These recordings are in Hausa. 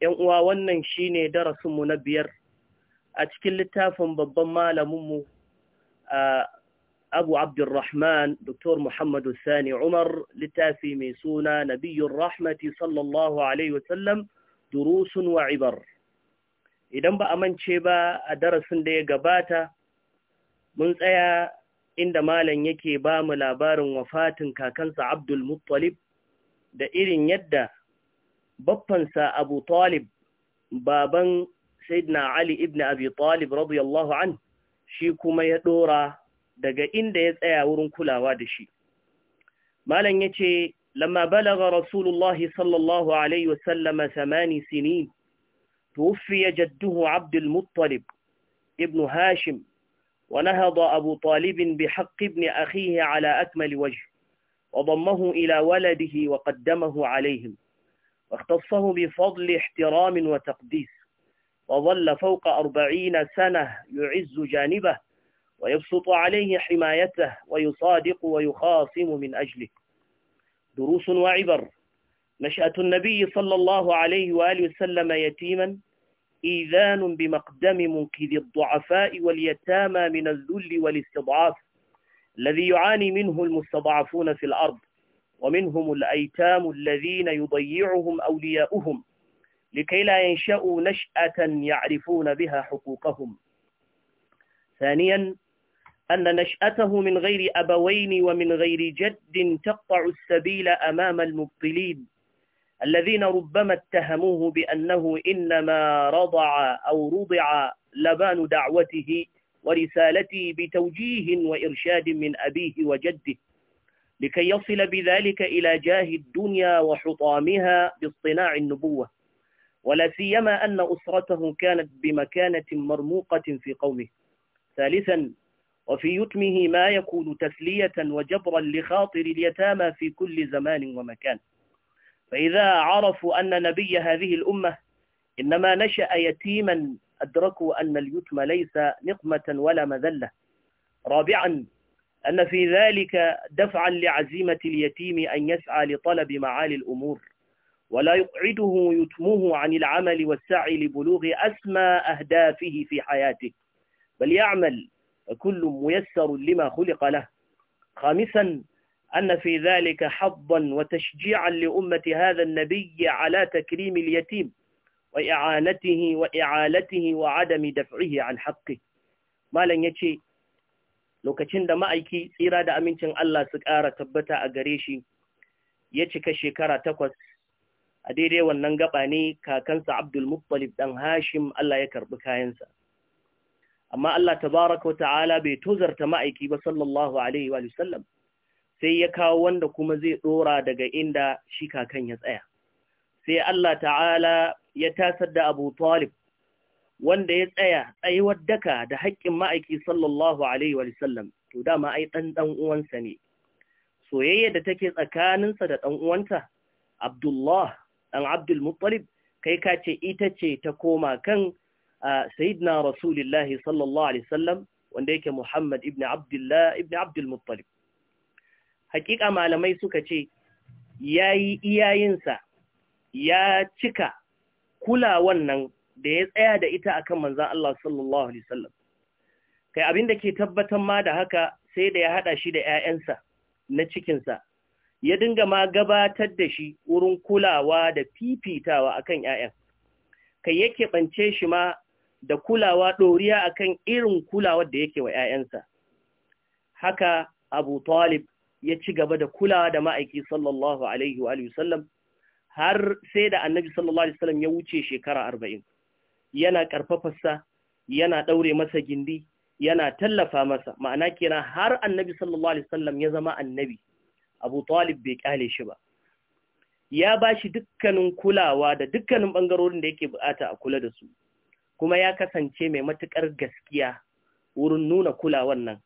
‘yan uwa wannan shi ne darasinmu na biyar a cikin littafin babban malaminmu abu abdurrahman dr muhammadu sani umar littafi mai suna nabiyun rahmati sallallahu alaihi wasallam durusun wa idan ba a mance ba a darasin da ya gabata mun tsaya inda malam yake ba mu labarin wafatin kakansa abdulmuttalib da irin yadda بطنسا أبو طالب بابا سيدنا علي ابن أبي طالب رضي الله عنه شي ما يدورا دقا إندا يتأي أورن كلا وادشي مالا يتي لما بلغ رسول الله صلى الله عليه وسلم ثماني سنين توفي جده عبد المطلب ابن هاشم ونهض أبو طالب بحق ابن أخيه على أكمل وجه وضمه إلى ولده وقدمه عليهم واختصه بفضل احترام وتقديس وظل فوق أربعين سنة يعز جانبه ويبسط عليه حمايته ويصادق ويخاصم من أجله دروس وعبر نشأة النبي صلى الله عليه وآله وسلم يتيما إيذان بمقدم منقذ الضعفاء واليتامى من الذل والاستضعاف الذي يعاني منه المستضعفون في الأرض ومنهم الأيتام الذين يضيعهم أولياؤهم لكي لا ينشأوا نشأة يعرفون بها حقوقهم ثانيا أن نشأته من غير أبوين ومن غير جد تقطع السبيل أمام المبطلين الذين ربما اتهموه بأنه إنما رضع أو رضع لبان دعوته ورسالته بتوجيه وإرشاد من أبيه وجده لكي يصل بذلك إلى جاه الدنيا وحطامها باصطناع النبوة ولا سيما أن أسرته كانت بمكانة مرموقة في قومه ثالثا وفي يتمه ما يكون تسلية وجبرا لخاطر اليتامى في كل زمان ومكان فإذا عرفوا أن نبي هذه الأمة إنما نشأ يتيما أدركوا أن اليتم ليس نقمة ولا مذلة رابعا أن في ذلك دفعا لعزيمة اليتيم أن يسعى لطلب معالي الأمور ولا يقعده يتمه عن العمل والسعي لبلوغ أسمى أهدافه في حياته بل يعمل كل ميسر لما خلق له خامسا أن في ذلك حظا وتشجيعا لأمة هذا النبي على تكريم اليتيم وإعانته وإعالته وعدم دفعه عن حقه ما لن يتشي lokacin da ma'aiki tsira da amincin Allah su ƙara tabbata a gare shi ya cika shekara takwas a daidai wannan gaba ne kakansa Abdul Muttalib ɗan Hashim Allah ya karɓi kayansa amma Allah tabaraka wa ta'ala bai tozarta ma'aiki ba sallallahu alaihi wa sallam sai ya kawo wanda kuma zai ɗora daga inda shi kakan ya tsaya sai Allah ta'ala ya tasar da Abu Talib wanda ya tsaya tsayuwar daka da haƙƙin ma'aiki sallallahu alaihi wa sallam to dama ai ɗan uwansa ne soyayya da take tsakaninsa da ɗanuwanta uwanta Abdullah ɗan Abdul Muttalib kai ka ce ita ce ta koma kan sayyidina Rasulullahi sallallahu alaihi sallam wanda yake Muhammad ibn Abdullah ibn Abdul Muttalib hakika malamai suka ce yayi iyayinsa ya cika kulawan nan da ya tsaya da ita akan manzan Allah sallallahu alaihi wasallam kai abin da ke tabbatar ma da haka sai da ya hada shi da 'ya'yansa na cikinsa ya dinga ma gabatar da shi wurin kulawa da fifitawa akan ƴaƴan kai yake bance shi ma da kulawa ɗoriya akan irin kulawar da yake wa ‘ya'yansa. Haka Abu Talib ya ci gaba da kulawa da ma'aiki sallallahu Alaihi wa sallam har sai da annabi sallallahu Alaihi wasallam ya wuce shekara arba'in. yana ƙarfafarsa yana ɗaure masa gindi yana tallafa masa ma'ana kira har annabi sallallahu alaihi wasallam ya zama annabi abu talib bai ƙyale shi ba ya ba shi dukkanin kulawa da dukkanin ɓangarorin da yake bukata a kula da su kuma ya kasance mai matuƙar gaskiya wurin nuna kulawan nan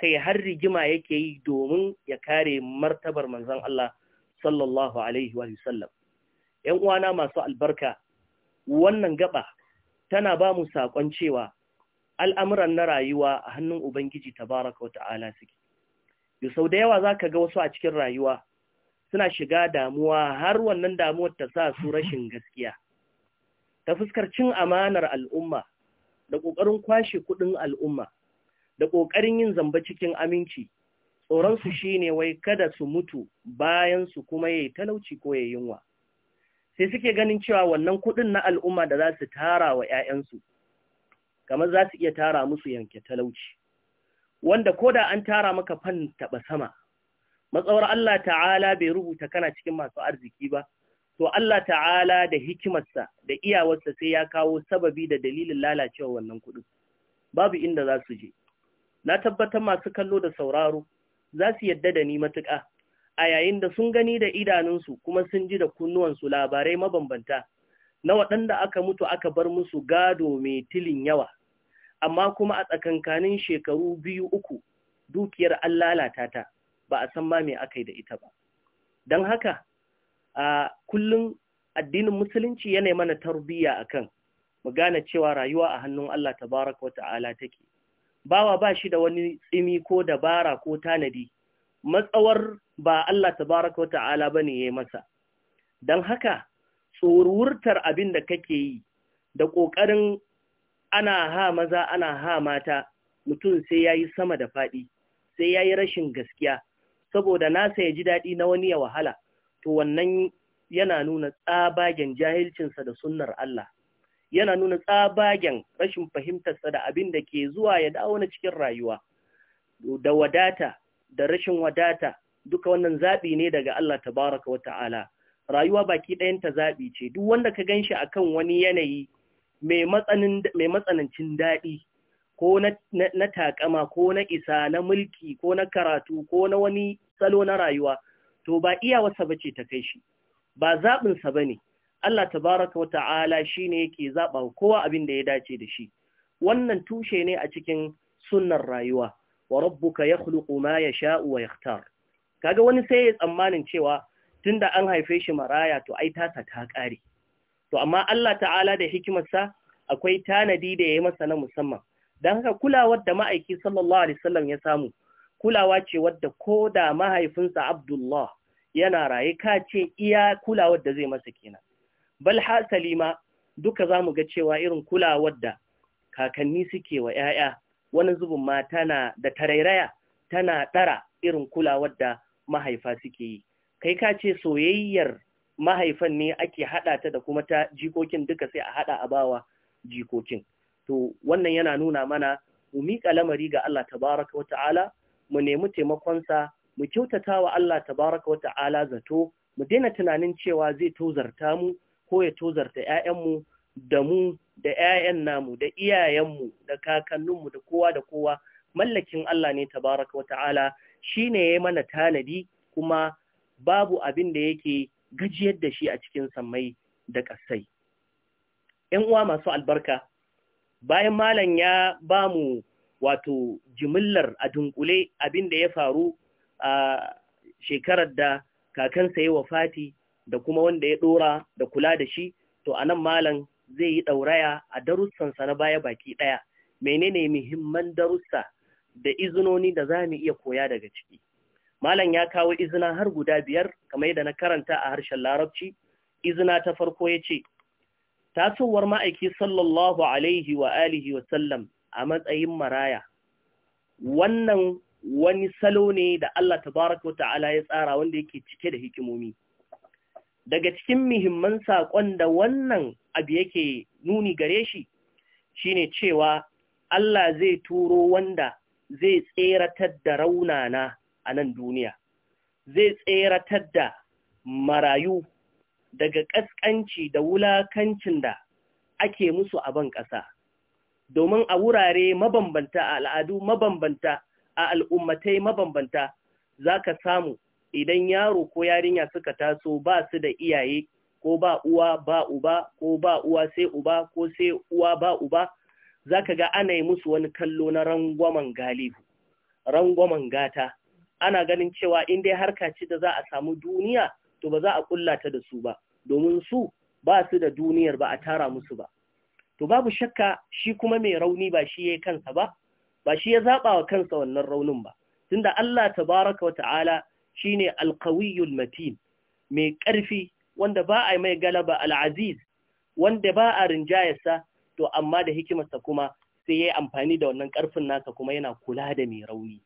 kai har rigima yake yi domin ya kare martabar manzon Allah sallallahu alaihi wa sallam ‘yan uwana masu albarka wannan gaba tana ba mu saƙon cewa al'amuran na rayuwa a hannun Ubangiji ta baraka wata'ala suke. Yusau da yawa za ka ga wasu a cikin rayuwa suna shiga damuwa har wannan damuwar ta sa su rashin gaskiya. Ta fuskar cin amanar al'umma da ƙoƙarin kwashe kuɗin al'umma da ƙoƙarin yin zamba cikin aminci, tsoronsu shi ne wai kada su mutu bayan su kuma ya yi talauci ko ya yunwa. sai suke ganin cewa wannan kuɗin na al'umma da za su tara wa ‘ya'yansu, kamar za su iya tara musu yanke talauci, wanda ko da an tara maka fan taɓa sama, matsawar Allah ta'ala bai rubuta kana cikin masu arziki ba, to Allah ta'ala da hikimarsa da iyawarsa sai ya kawo sababi da dalilin lalacewa wannan kuɗin, babu inda za su je. Na tabbatar masu kallo da sauraro za su yadda da ni matuƙa. a yayin da sun gani da idanunsu kuma sun ji da kunnuwansu labarai mabambanta na waɗanda aka mutu aka bar musu gado mai tilin yawa amma kuma a tsakankanin shekaru biyu uku dukiyar an lalata ta ba a san ma mai aka yi da ita ba don haka a kullum addinin musulunci yana mana tarbiyya a kan, mu gane cewa rayuwa a hannun Allah Ta baraka wata ala take bawa ba shi da wani tsimi ko dabara ko tanadi matsawar ba Allah Ta baraka wa ta'ala bane yi masa Don haka tsururtar abin da kake yi da ƙoƙarin ana ha maza ana ha mata mutum sai ya yi sama da faɗi, sai ya yi rashin gaskiya saboda nasa ya ji daɗi na wani ya wahala to wannan yana nuna tsabagen jahilcinsa da sunnar Allah yana nuna tsabagen rashin fahimtarsa da abin da ke zuwa ya dawo na cikin rayuwa da wadata da rashin wadata duka wannan zaɓi ne daga Allah tabaraka wa ta'ala rayuwa baki ɗayanta zaɓi ce duk wanda ka gan ganshi akan wani yanayi mai matsanancin daɗi ko na takama ko na isa na mulki ko na karatu ko na wani salo na rayuwa to ba iya wasa ba ce ta kai shi ba zaɓinsa ba ne Allah tabaraka wa ta'ala shi ne yake zaɓa kowa abin da ya dace da shi wannan tushe ne a cikin sunnar rayuwa wa rabbuka yakhluqu ma sha'u wa yakhtar kaga wani sai ya tsammanin cewa tunda an haife shi maraya to ai tasa ta ƙare. to amma Allah ta'ala da hikimarsa akwai tanadi da ya yi masa na musamman don haka kulawar da ma'aiki sallallahu alaihi wasallam ya samu kulawa ce wadda ko da mahaifinsa Abdullah yana raye ka ce iya kulawar da zai masa kenan bal Salima duka zamu ga cewa irin kulawar da kakanni suke wa 'ya'ya wani zubin ma tana da tarairaya tana ɗara irin kulawar da mahaifa suke yi kai ka ce soyayyar mahaifan ne ake haɗa ta da kuma ta jikokin duka sai a haɗa a bawa jikokin to wannan yana nuna mana mu miƙa lamari ga Allah tabaraka wa ta'ala mu nemi taimakonsa mu kyautata wa Allah tabaraka wa ta'ala zato mu daina tunanin cewa zai tozarta mu ko ya tozarta 'ya'yanmu da mu da 'ya'yan namu da iyayenmu da kakanninmu da kowa da kowa mallakin Allah ne tabaraka wa ta'ala shi ne ya mana tanadi kuma babu abin da yake gajiyar da shi a cikin sammai da ƙasai. ‘Yan uwa masu albarka, bayan malam ya ba mu wato jimillar a dunkule abin da ya faru a shekarar da kakansa ya wafati da kuma wanda ya ɗora da kula da shi, to a nan malam zai yi ɗauraya a darussansa na baya baki ɗaya. Menene muhimman darussa da izinoni da za mu iya koya daga ciki. Malam ya kawo izina har guda biyar kamar yadda na karanta a harshen larabci, izina ta farko ya ce, Tasowar ma'aiki sallallahu Alaihi wa alihi wa sallam a matsayin maraya, wannan wani salo ne da Allah tabaraka wa ta'ala ya tsara wanda yake cike da hikimomi. Daga cikin muhimman saƙon da wannan abu yake nuni gare shi, shi ne cewa Allah zai turo wanda zai tseratar da raunana a nan duniya zai tseratar da marayu daga ƙasƙanci da wulakancin da ake musu a ban ƙasa domin a wurare mabambanta a al'adu mabambanta a al'ummatai mabambanta za ka samu idan yaro ko yarinya suka taso ba su da iyaye ko ba uwa ba uba ko ba uwa sai uba ko sai uwa ba uba za ka ga ana yi musu wani kallo na rangwamen galihu, rangwamen gata, ana ganin cewa in dai harka ce da za a samu duniya to ba za a kullata da su ba, domin su ba su da duniyar ba a tara musu ba. To babu shakka shi kuma mai rauni ba shi ya kansa ba, ba shi ya zaɓa wa kansa wannan raunin ba, tunda Allah Ta baraka wa ta'ala shi ne alkawiyul matin, mai ƙarfi wanda ba a mai galaba al'aziz, wanda ba a rinjayarsa to amma da hikimarsa kuma sai ya yi amfani da wannan ƙarfin nasa kuma yana kula da mai rauni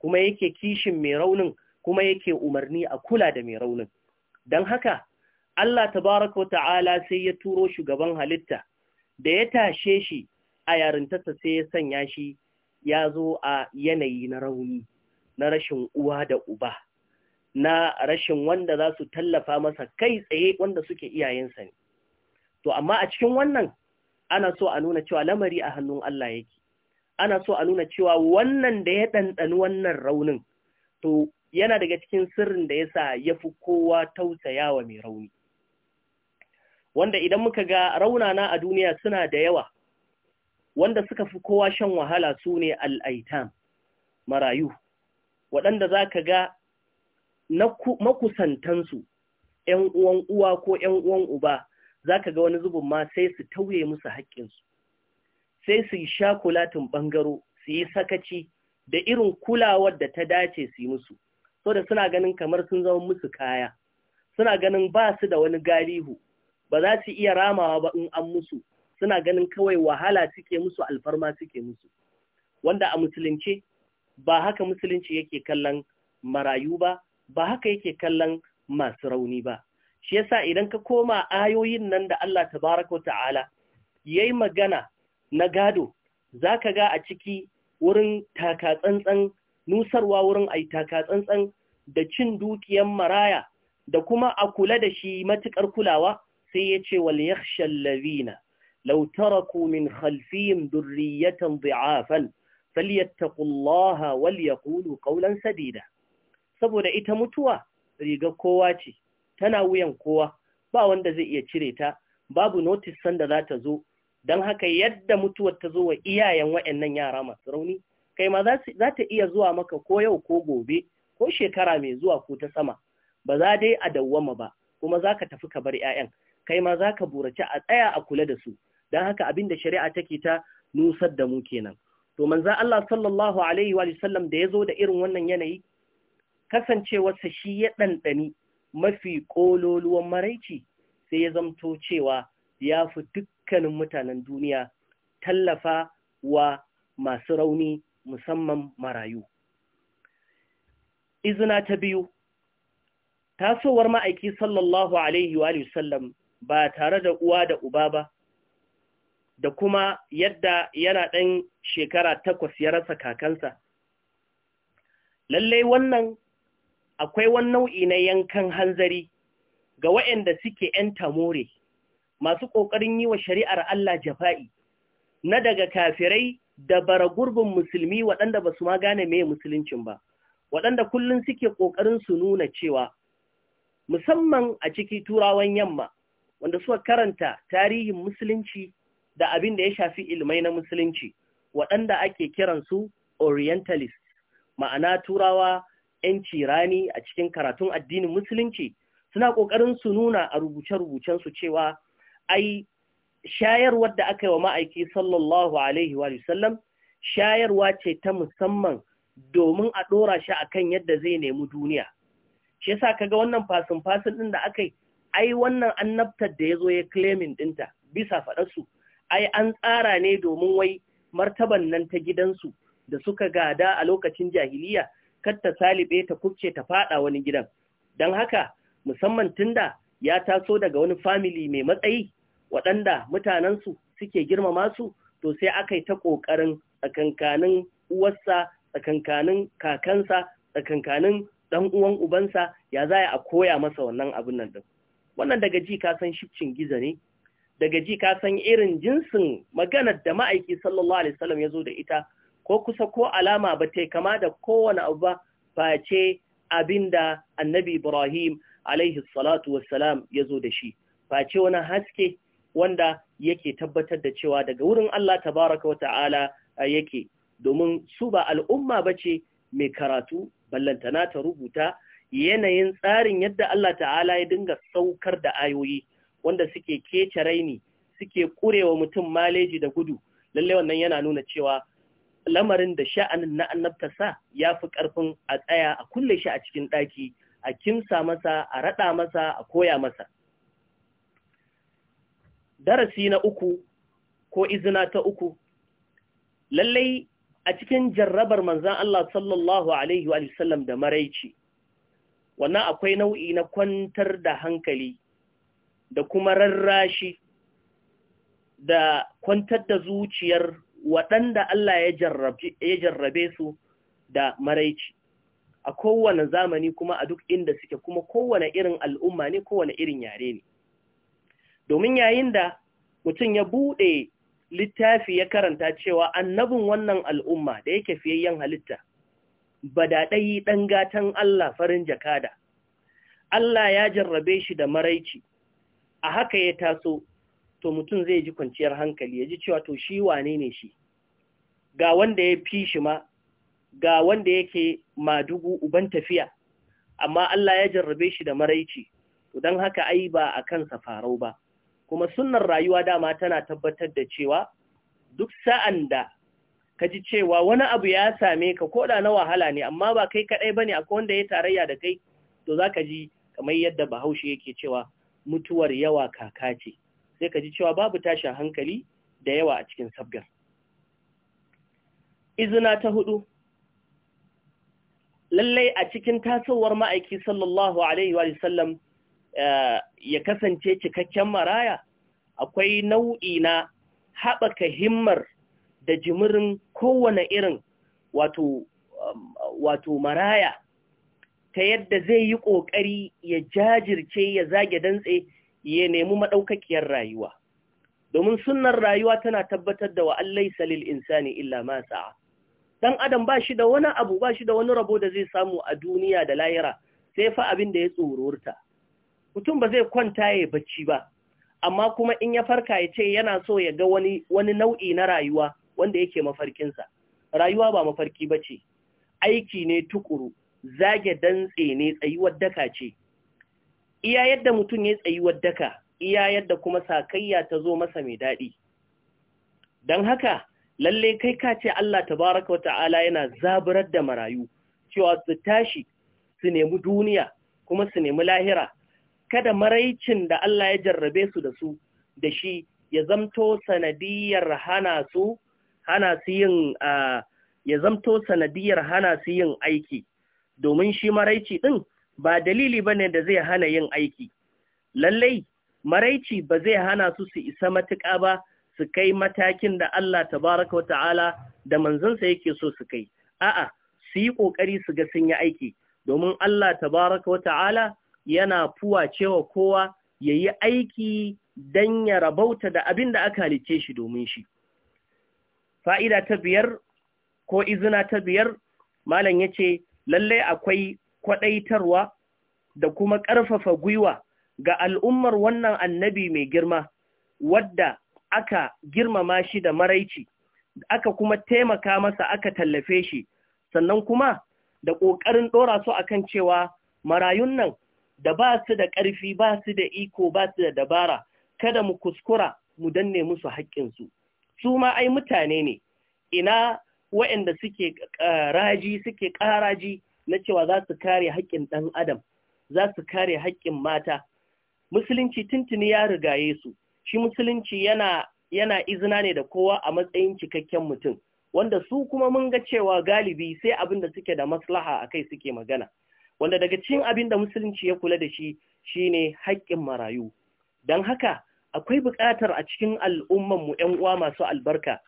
kuma yake kishin mai raunin kuma yake umarni a kula da mai raunin don haka Allah tabaraka wa ta'ala sai ya turo shugaban halitta da ya tashe shi a yarintarsa sai ya sanya shi ya zo a yanayi na rauni na rashin uwa da uba na rashin wanda za su tallafa masa kai tsaye wanda suke iyayensa ne to amma a cikin wannan ana so a nuna cewa lamari a hannun Allah yake ana so a nuna cewa wannan da ya ɗanɗani wannan raunin to yana daga cikin sirrin da yasa ya fi kowa tausayawa mai rauni wanda idan muka ga raunana a duniya suna da yawa wanda suka fi kowa shan wahala su ne al'aitam marayu waɗanda za ka ga makusantansu ‘yan uwan uwa ko ‘yan uwan uba za ka ga wani zubin ma sai su tauye musu haƙƙinsu sai su yi shakulatin ɓangaro su yi sakaci da irin kulawar da ta dace su yi musu so da suna ganin kamar sun zama musu kaya suna ganin ba su da wani galihu ba za su iya ramawa ba in an musu suna ganin kawai wahala suke musu alfarma suke musu wanda a musulunci ba haka musulunci yake kallon marayu ba ba haka yake kallon masu rauni ba shi yasa idan ka koma ayoyin nan da Allah tabaraka ta'ala yayi magana na gado zaka ga a ciki wurin takatsantsan nusarwa wurin ai taka tsantsan da cin dukiyan maraya da kuma a kula da shi matukar kulawa sai yace wal yakhshal ladina law taraku min khalfihim durriyatan dha'afan falyattaqullaha wal yaqulu qawlan sadida saboda ita mutuwa riga kowa ce tana wuyan kowa ba wanda zai iya cire ta babu notice sanda za ta zo don haka yadda mutuwar ta zo wa iyayen waɗannan yara masu rauni kai ma za ta iya zuwa maka ko yau ko gobe ko shekara mai zuwa ko ta sama ba za dai a dawwama ba kuma za ka tafi ka bar 'ya'yan kai ma za ka burace a tsaya a kula da su don haka abin da shari'a take ta nusar da mu kenan to manzo Allah sallallahu alaihi wa sallam da ya zo da irin wannan yanayi kasancewarsa shi ya ɗanɗani mafi ƙololuwan maraici sai ya zamto cewa ya fi dukkanin mutanen duniya tallafa wa masu rauni musamman marayu. Izina ta biyu, tasowar ma'aiki sallallahu Alaihi wa sallam ba tare da uwa da uba ba, da kuma yadda yana ɗan shekara takwas ya rasa kakansa. Lallai wannan akwai wani nau'i na yankan hanzari ga waɗanda suke ‘yan tamore, masu ƙoƙarin yi wa shari'ar Allah jafa'i, na daga kafirai da bara gurbin musulmi waɗanda ba su ma gane mai musuluncin ba, waɗanda kullum suke ƙoƙarin su nuna cewa, musamman a ciki turawan yamma, wanda suka karanta tarihin musulunci da abin da ya shafi ilmai na musulunci, waɗanda ake kiransu Orientalist, ma'ana turawa 'yanci rani a cikin karatun addinin musulunci suna ƙoƙarin su nuna a rubuce su cewa ai shayarwar da aka yi wa ma'aiki sallallahu alaihi wa sallam shayarwa ce ta musamman domin a ɗora shi a kan yadda zai nemi duniya. Shi sa kaga wannan fasin-fasin ɗin da aka yi, ai wannan annabtar da ya zo ya claiming ɗinta bisa faɗarsu, ai an tsara ne domin wai martaban nan ta gidansu da suka gada a lokacin jahiliya kar ta salibe ta kubce ta fada wani gidan don haka musamman tunda ya taso daga wani family mai matsayi waɗanda mutanensu suke girmama su to sai aka yi ta ƙoƙarin tsakankanin uwarsa tsakankanin kakansa tsakankanin ɗan uwan ubansa ya za a koya masa wannan abin nan din wannan daga ji ka san shifcin giza ne daga ji ka san irin jinsin maganar da ma'aiki sallallahu alaihi wasallam ya zo da ita ko kusa ko alama ba ta kama da kowane abu ba face da annabi Ibrahim alaihi salatu wassalam ya zo da shi face wani haske wanda yake tabbatar da cewa daga wurin Allah tabaraka wa ta'ala yake domin su ba al'umma ba ce mai karatu ballantana ta rubuta yanayin tsarin yadda Allah ta'ala ya dinga saukar da ayoyi wanda suke kece raini suke kurewa mutum maleji da gudu Lallai wannan yana nuna cewa lamarin da sha'anin na annabtarsa ya fi ƙarfin a tsaya a kulle shi a cikin ɗaki a kimsa masa a raɗa masa a koya masa darasi na uku ko izina ta uku lallai a cikin jarrabar manzan Allah sallallahu Alaihi wasallam da maraici wannan akwai nau'i na kwantar da hankali da kuma rarrashi da kwantar da zuciyar waɗanda Allah ya jarrabe su da maraici a kowane zamani kuma a duk inda suke kuma kowane irin al'umma ne kowane irin yare ne domin yayin da mutum ya buɗe littafi ya karanta cewa annabin wannan al'umma da yake fiyayyen halitta ba da ɗayi ɗan gatan Allah farin jakada Allah ya jarrabe shi da maraici a haka ya taso to mutum zai ji kwanciyar hankali ya ji cewa to shi wane ne shi ga wanda ya fi shi ma ga wanda yake madugu uban tafiya amma Allah ya jarrabe shi da maraici to don haka ai ba a kan safarau ba kuma sunnar rayuwa dama tana tabbatar da cewa duk sa'an da ka ji cewa wani abu ya same ka ko da na wahala ne amma ba kai kaɗai ba ne akwai wanda ya tarayya da kai to za ka ji kamar yadda bahaushe yake cewa mutuwar yawa kaka ce sai ka ji cewa babu tashin hankali da yawa a cikin sabgar. izina ta hudu lallai a cikin tasowar ma'aiki sallallahu alaihi wa sallam eh, ya kasance cikakken maraya akwai nau'i na haɓaka himmar da jimirin kowane irin wato um, wato maraya ta yadda zai yi ƙoƙari ya jajirce ya zage dantse ya nemi maɗaukakiyar rayuwa domin sunan rayuwa tana tabbatar da wa allai salil insani illa ma sa'a dan adam ba shi da wani abu ba shi da wani rabo da zai samu a duniya da layira sai fa abin da ya tsororta mutum ba zai kwanta ya bacci ba amma kuma in ya farka ya ce yana so ya ga wani wani nau'i na rayuwa wanda yake mafarkinsa rayuwa ba mafarki ba ce. aiki ne tukuru zage dantse ne tsayuwar daka ce iya yadda mutum ya tsayi daka iya yadda kuma sakayya ta zo masa mai daɗi don haka lalle kai ka ce Allah tabaraka wata'ala yana zaburar da marayu cewa su tashi su nemi duniya kuma su nemi lahira kada maraicin da Allah ya jarrabe su da su da shi ya zamto sanadiyar hana su hana su yin ya zamto sanadiyar hana su yin aiki domin shi maraici ɗin ba dalili ba ne da zai hana yin aiki. Lallai, maraici ba zai hana su su isa matuƙa ba su kai matakin da Allah tabaraka wa ta'ala da manzansa yake so su kai. A'a, su yi ƙoƙari su ga sun yi aiki, domin Allah tabaraka wa ta'ala yana fuwa cewa kowa ya yi aiki don ya rabauta da abin da aka halice shi domin shi. Fa'ida ta biyar ko izina ta biyar, Malam ya ce, lallai akwai kwaɗaitarwa da kuma ƙarfafa gwiwa ga al'ummar wannan annabi mai girma wadda aka girmama shi da maraici aka kuma taimaka masa aka tallafe shi sannan kuma da ƙoƙarin ɗora su kan cewa marayun nan da ba su da ƙarfi ba su da iko ba su da dabara kada mu kuskura mu danne musu haƙƙinsu su ma ai mutane ne ina waɗanda suke eh, raji suke ƙaraji na cewa za su kare haƙƙin ɗan adam za su kare haƙƙin mata musulunci tuntuni ya rigaye su shi musulunci yana yana izina ne da kowa a matsayin cikakken mutum wanda su kuma mun ga cewa galibi sai abin da suke da maslaha a kai suke magana wanda daga cikin abin da musulunci ya kula da shi shine haƙƙin marayu don haka akwai buƙatar a cikin mu ‘yan uwa masu albarka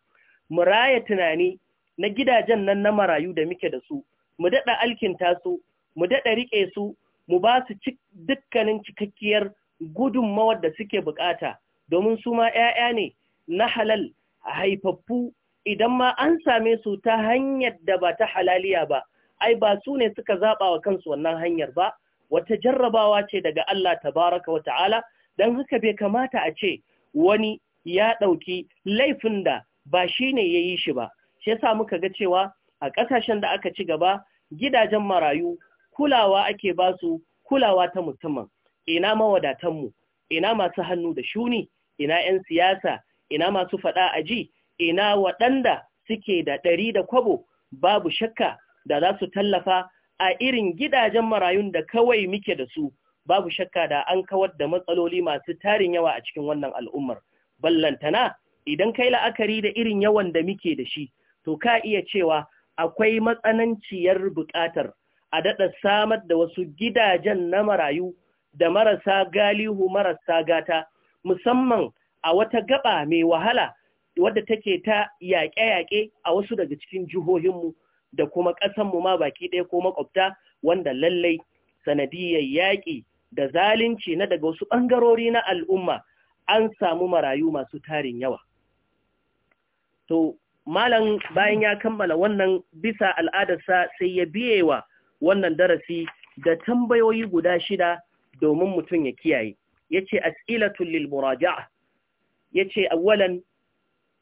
mu raya tunani na gidajen nan na marayu da muke da su mu daɗa alkinta su mu daɗa riƙe su mu ba su dukkanin cikakkiyar gudunmawar da suke buƙata, domin su ma 'ya'ya ne na halal a haifaffu idan ma an same su ta hanyar da ba ta halaliya ba ai ba su ne suka zaɓa wa kansu wannan hanyar ba wata jarrabawa ce daga Allah tabaraka wa ta'ala don haka bai kamata a ce wani ya ɗauki laifin da ba shi ne ya yi shi ba shi yasa muka ga cewa a ƙasashen da aka ci gaba gidajen marayu kulawa ake ba su kulawa ta musamman ina mawadatanmu ina masu hannu da shuni ina 'yan siyasa ina masu faɗa a ji? ina waɗanda suke da ɗari da kwabo babu shakka da za su tallafa a irin gidajen marayun da kawai muke da su babu shakka da an kawar da matsaloli masu tarin yawa a cikin wannan al'ummar ballantana idan kai la'akari da irin yawan da muke da shi to ka iya cewa akwai matsananciyar buƙatar a daɗa samar da wasu gidajen na marayu da marasa galihu marasa gata musamman a wata gaba mai wahala wadda take ta yaƙe-yaƙe a wasu daga cikin jihohinmu da kuma ƙasanmu ma baki ɗaya ko makwabta wanda lallai sanadiyar yaƙi da zalunci na daga wasu ɓangarori na al'umma an samu marayu masu tarin yawa. To, malam bayan ya kammala wannan bisa al'adarsa sai ya biye wa wannan darasi da tambayoyi guda shida domin mutum ya kiyaye Ya yace as'ilatul lil Ya yace awalan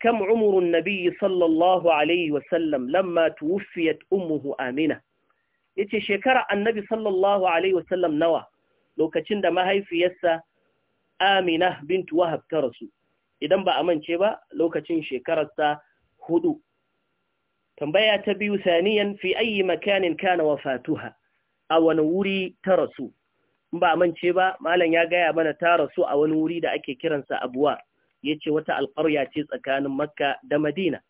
kan umrun nabi sallallahu alaihi wa lamma tuwufiyat ummuhu amina Ya ce shekara annabi sallallahu alaihi wa nawa lokacin da mahaifiyarsa amina bintu wahab ta rasu idan ba a mance ba lokacin shekararsa hudu tambaya ta biyu saniyan fi ayi makanin kana wafatuha a wani wuri ta rasu ba mance ba malam ya gaya mana ta rasu a wani wuri da ake kiransa abuwa yace wata alƙarya ce tsakanin makka da madina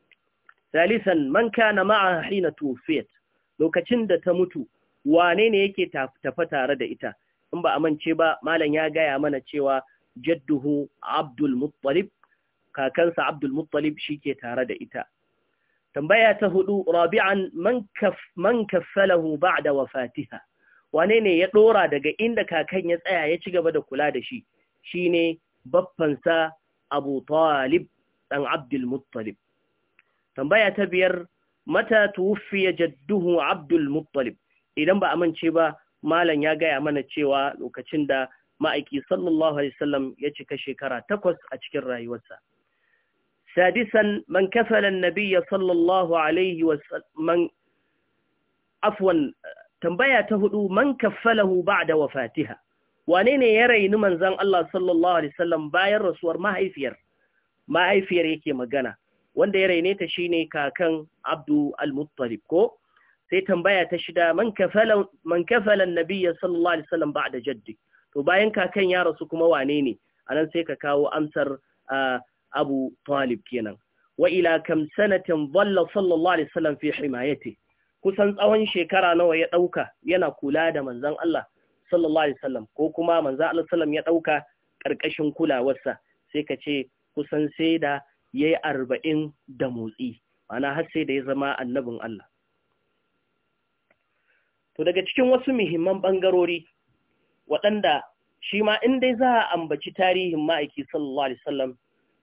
salisan man kana ma'a hina tufiyat lokacin da ta mutu wane ne yake tafa tare da ita in ba a mance ba malam ya gaya mana cewa jadduhu abdul muttalib kakansa Abdul Muttalib ke tare da ita tambaya ta hudu rabi'an man kaffalahu ba'da wafatiha wane ne ya dora daga inda kakan ya tsaya ya ci gaba da kula da shi shine baffansa Abu Talib dan Abdul Muttalib tambaya ta biyar mata tuwfiya jadduhu Abdul Muttalib idan ba amince ba malam ya gaya mana cewa lokacin da ma'aiki sallallahu alaihi wasallam ya cika shekara takwas a cikin rayuwarsa سادسا من كفل النبي صلى الله عليه وسلم من عفوا تنبيه تهدو من كفله بعد وفاتها wane ne ya raini manzan Allah sallallahu Alaihi wasallam bayan rasuwar mahaifiyar, mahaifiyar yake magana, wanda ya raine ta shine kakan Abdu al-Muttalib ko, sai tambaya ta shida man kafalan nabiya sallallahu Alaihi wasallam ba da jaddi, to bayan kakan ya rasu kuma wanene anan sai ka kawo amsar abu talib kenan wa ila kam sanatin dhalla sallallahu alaihi wasallam fi himayati kusan tsawon shekara nawa ya dauka yana kula da manzon Allah sallallahu alaihi wasallam ko kuma manzon Allah sallam ya dauka karkashin kulawarsa sai ka ce kusan sai da yayi 40 da motsi ana har sai da ya zama annabin Allah to daga cikin wasu muhimman bangarori waɗanda shi ma in dai za a ambaci tarihin ma'aiki sallallahu alaihi wasallam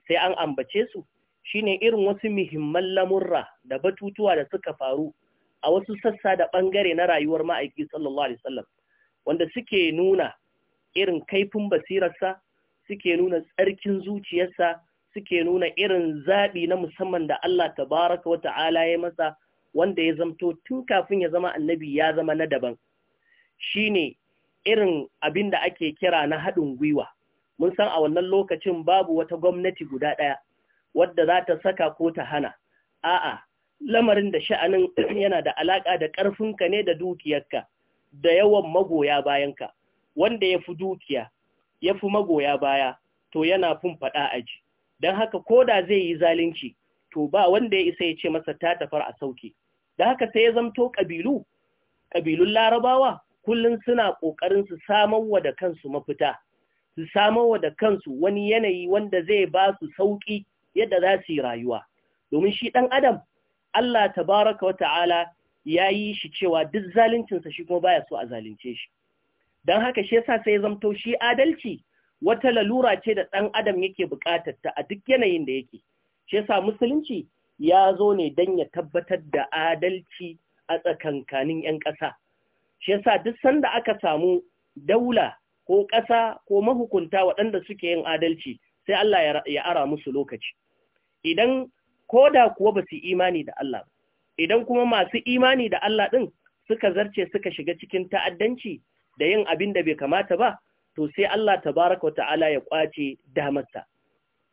sai an ambace su shine irin wasu muhimman lamurra da batutuwa da suka faru a wasu sassa da bangare na rayuwar ma'aiki sallallahu alaihi wasallam wanda suke nuna irin kaifin basirarsa suke nuna tsarkin zuciyarsa suke nuna irin zaɓi na musamman da Allah tabaraka wata'ala ya masa wanda ya zamto tun kafin ya zama annabi ya zama na daban shine irin abin da ake kira na haɗin gwiwa mun san a wannan lokacin babu wata gwamnati guda ɗaya wadda za ta saka ko ta hana a'a lamarin da sha'anin yana da alaƙa da ƙarfinka ne da dukiyarka da yawan magoya bayanka wanda ya fi dukiya ya fi magoya baya to yana fin faɗa aji don haka ko da zai yi zalunci to ba wanda ya isa ya ce masa ta tafar a sauke da haka sai ya zamto ƙabilu ƙabilun larabawa kullum suna ƙoƙarin su samar wa da kansu mafita su samarwa da kansu wani yanayi wanda zai ba su sauƙi yadda za su yi rayuwa domin shi ɗan adam Allah tabaraka wa ta'ala ya yi shi cewa duk zaluncinsa shi kuma baya so a zalunce shi don haka shi yasa sai zamto shi adalci wata lalura ce da ɗan adam yake buƙatar ta a duk yanayin da yake shi yasa musulunci ya zo ne don ya tabbatar da adalci a tsakankanin 'yan ƙasa shi yasa duk sanda aka samu daula ko ƙasa ko mahukunta waɗanda suke yin adalci sai Allah ya ara musu lokaci idan ko da kuwa ba su imani da Allah ba idan kuma masu imani da Allah ɗin suka zarce suka shiga cikin ta'addanci da yin abin da bai kamata ba to sai Allah tabaraka wa ta'ala ya ƙwace damarsa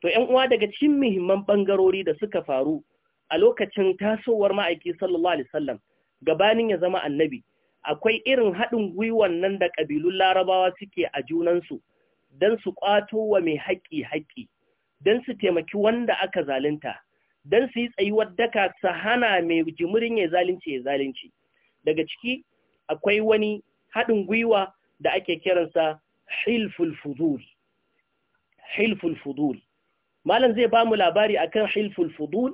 to 'yan uwa daga cikin muhimman ɓangarori da suka faru a lokacin tasowar ma'aiki sallallahu alaihi wasallam gabanin ya zama annabi akwai irin haɗin gwiwan nan da ƙabilun larabawa suke a junansu don su ƙwato wa mai haƙƙi haƙƙi don su taimaki wanda aka zalunta don su yi tsayuwar daka su hana mai jimirin ya zalunci ya zalince. daga ciki akwai wani haɗin gwiwa da ake kiransa hilful fudul malam zai ba mu labari akan hilful fudul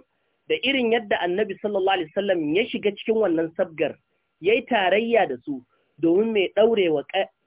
da irin yadda annabi sallallahu alaihi wasallam ya shiga cikin wannan sabgar yayi tarayya da su domin mai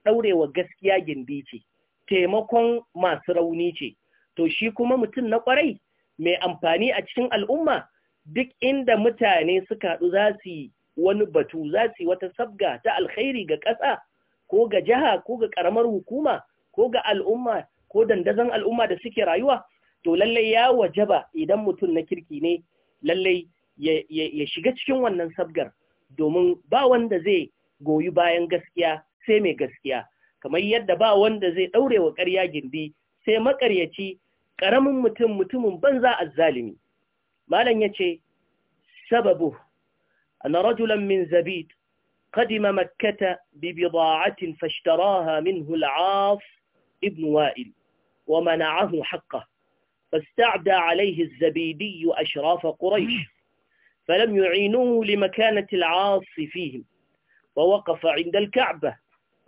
ɗaurewa gaskiya gindi ce taimakon masu rauni ce to shi kuma mutum na kwarai mai amfani a cikin al'umma duk inda mutane suka haɗu za su yi wani batu za su yi wata sabga ta alkhairi ga ƙasa ko ga jiha ko ga ƙaramar hukuma ko ga al'umma ko dandazon al'umma da suke rayuwa to lallai ya wajaba idan mutum na kirki ne lallai ya shiga cikin wannan sabgar domin ba wanda zai goyi bayan gaskiya sai mai gaskiya kamar yadda ba wanda zai ɗaure wa ƙarya gindi sai maƙaryaci ƙaramin mutum mutumin banza azzalimi malam ya ce, sababu أن رجلا من زبيد قدم مكة ببضاعة فاشتراها منه العاص ابن وائل ومنعه حقه فاستعدى عليه الزبيدي أشراف قريش فلم يعينوه لمكانة العاص فيهم ووقف عند الكعبة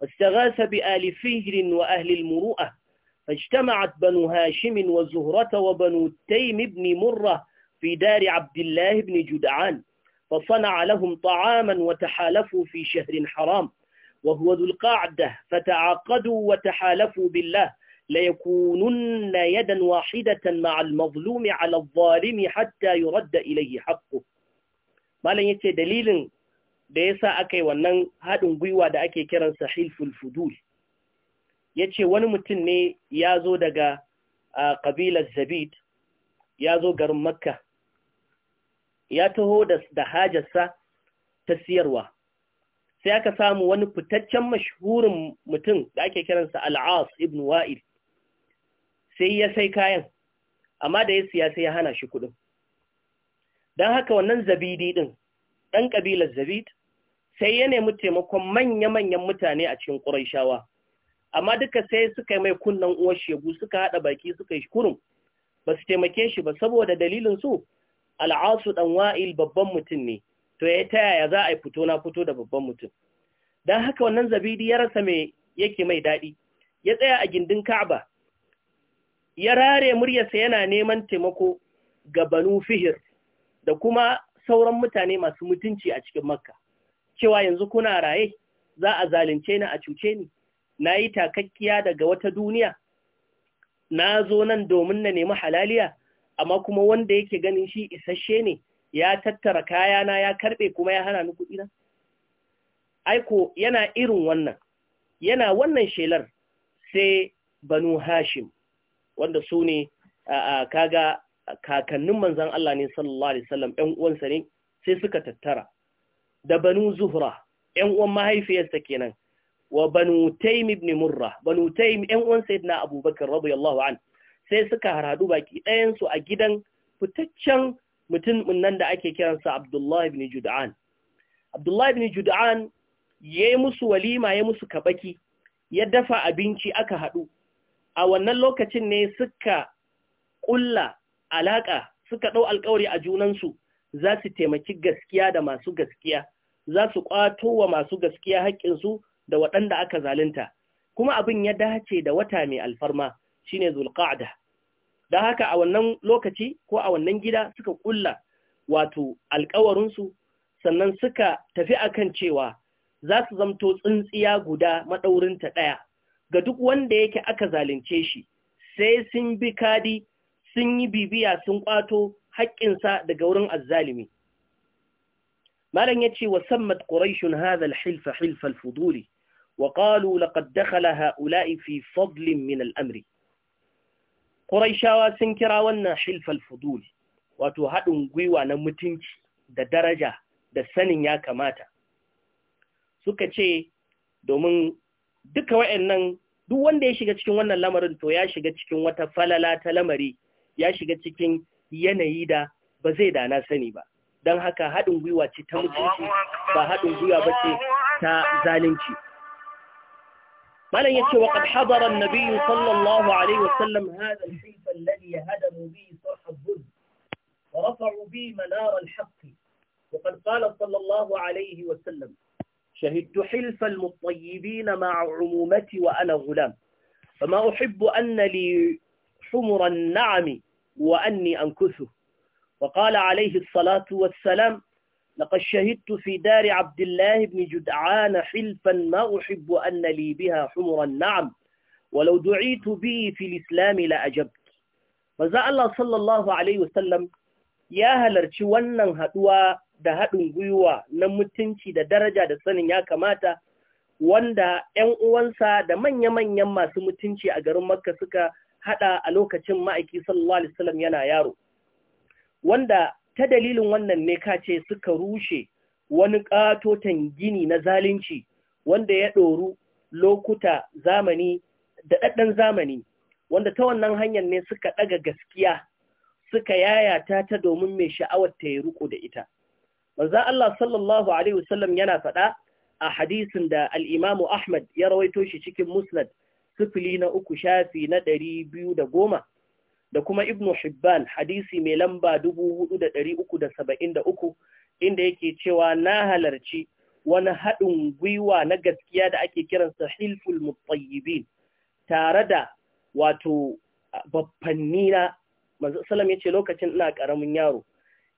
واستغاث بآل فهر وأهل المروءة فاجتمعت بنو هاشم وزهرة وبنو التيم بن مرة في دار عبد الله بن جدعان فصنع لهم طعاما وتحالفوا في شهر حرام وهو ذو القعدة فتعاقدوا وتحالفوا بالله ليكونن يدا واحدة مع المظلوم على الظالم حتى يرد إليه حقه malam yace dalilin da yasa aka yi wannan haɗin gwiwa da ake kiransa hilful fudul yace wani mutum ne ya zo daga ƙabilar zabid ya zo garin makka ya taho da hajarsa ta siyarwa sai aka samu wani fitaccen mashhurin mutum da ake kiransa al'as ibn wa'il sai ya sai kayan amma da ya siya sai ya hana shi kudin don haka wannan zabidi ɗin ɗan ƙabilar zabid sai ya nemi taimakon manya-manyan mutane a cikin ƙuraishawa amma duka sai suka yi mai kunnan uwar shegu suka haɗa baki suka yi kurum ba su taimake shi ba saboda dalilin su al'asu ɗan wa'il babban mutum ne to ya ta yaya za a yi fito na fito da babban mutum don haka wannan zabidi ya rasa mai yake mai daɗi ya tsaya a gindin ka'aba ya rare muryarsa yana neman taimako ga banu fihir da kuma sauran mutane masu mutunci a cikin makka cewa yanzu kuna raye za a zalunce ni a cuce ni na yi takakkiya daga wata duniya na zo nan domin na nemi halaliya amma kuma wanda yake ganin shi isasshe ne ya tattara kayana ya karbe kuma ya hana ni kuɗi na aiko yana irin wannan yana wannan shelar sai banu hashim wanda su ne kaga kakannin manzan Allah ne sallallahu alaihi wasallam ɗan uwansa ne sai suka tattara da banu zuhra ɗan uwan mahaifiyarsa kenan wa banu taym ibn murra banu taym ɗan uwan na abubakar radiyallahu an sai suka haradu baki ɗayan a gidan fitaccen mutum nan da ake kiransa Abdullah ibn Jud'an Abdullah ibn Jud'an yayi musu walima ya musu kabaki ya dafa abinci aka haɗu a wannan lokacin ne suka ƙulla alaƙa suka ɗau alƙawari a junansu za su taimaki gaskiya da masu gaskiya, za su ƙwato wa masu gaskiya haƙƙinsu da waɗanda aka zalunta, kuma abin ya dace da wata mai alfarma shine ne Zulƙa'ada. haka a wannan lokaci ko a wannan gida suka ƙulla wato alƙawarinsu sannan suka tafi akan cewa za su zamto tsintsiya guda maɗaurinta ɗaya ga duk wanda yake aka zalunce shi sai sun bi kadi sun yi bibiya sun ƙwato haƙƙinsa daga wurin azzalimi. Malam ya ce wa sammat Quraishun hilfa al-fuduli wa qalu laqad dakhala ha'ula'i fi fadlin min al'amri. amri sun kira wannan hilfa al-fuduli wato haɗin gwiwa na mutunci da daraja da sanin ya kamata. Suka ce domin duka nan, duk wanda ya shiga cikin wannan lamarin to ya shiga cikin wata falala ta lamari ya shiga cikin yanayi da ba zai dana sani ba don haka haɗin gwiwa ce ta mutunci ba haɗin gwiwa ba ce ta zalunci malam ya ce wa qad hadara an sallallahu alaihi wasallam hadha al-sayf alladhi yahdamu bihi sarh al-dhulm wa rafa'u bihi manar al-haqq وقد قال صلى الله عليه وسلم شهدت حلف المطيبين مع عمومتي وأنا غلام فما أحب أن لي حمر النعم وأني أنكثه وقال عليه الصلاة والسلام لقد شهدت في دار عبد الله بن جدعان حلفا ما أحب أن لي بها حمر النعم ولو دعيت به في الإسلام لأجبت فزا الله صلى الله عليه وسلم يا هلرشي wannan haduwa da haɗin gwiwa na mutunci da daraja da sanin ya kamata wanda ‘yan uwansa da manya-manyan masu mutunci a garin Makka suka hada a lokacin ma'aiki sallallahu alaihi wasallam yana yaro wanda ta dalilin wannan ne kace suka rushe wani katotan gini na zalunci wanda ya doru lokuta zamani da daddan zamani wanda ta wannan hanyar ne suka daga gaskiya suka yayata ta domin mai sha'awar ta yi ruku da ita manzo Allah sallallahu alaihi wasallam yana faɗa a hadisin da al-Imam Ahmad ya rawaito shi cikin Musnad sifili na uku shafi na ɗari biyu da goma da kuma Ibn Hibban hadisi mai lamba dubu hudu da ɗari uku da saba'in da uku inda yake cewa na halarci wani haɗin gwiwa na gaskiya da ake kiransa hilful mutsayibin tare da wato babbanni na manzo salam yace lokacin ina ƙaramin yaro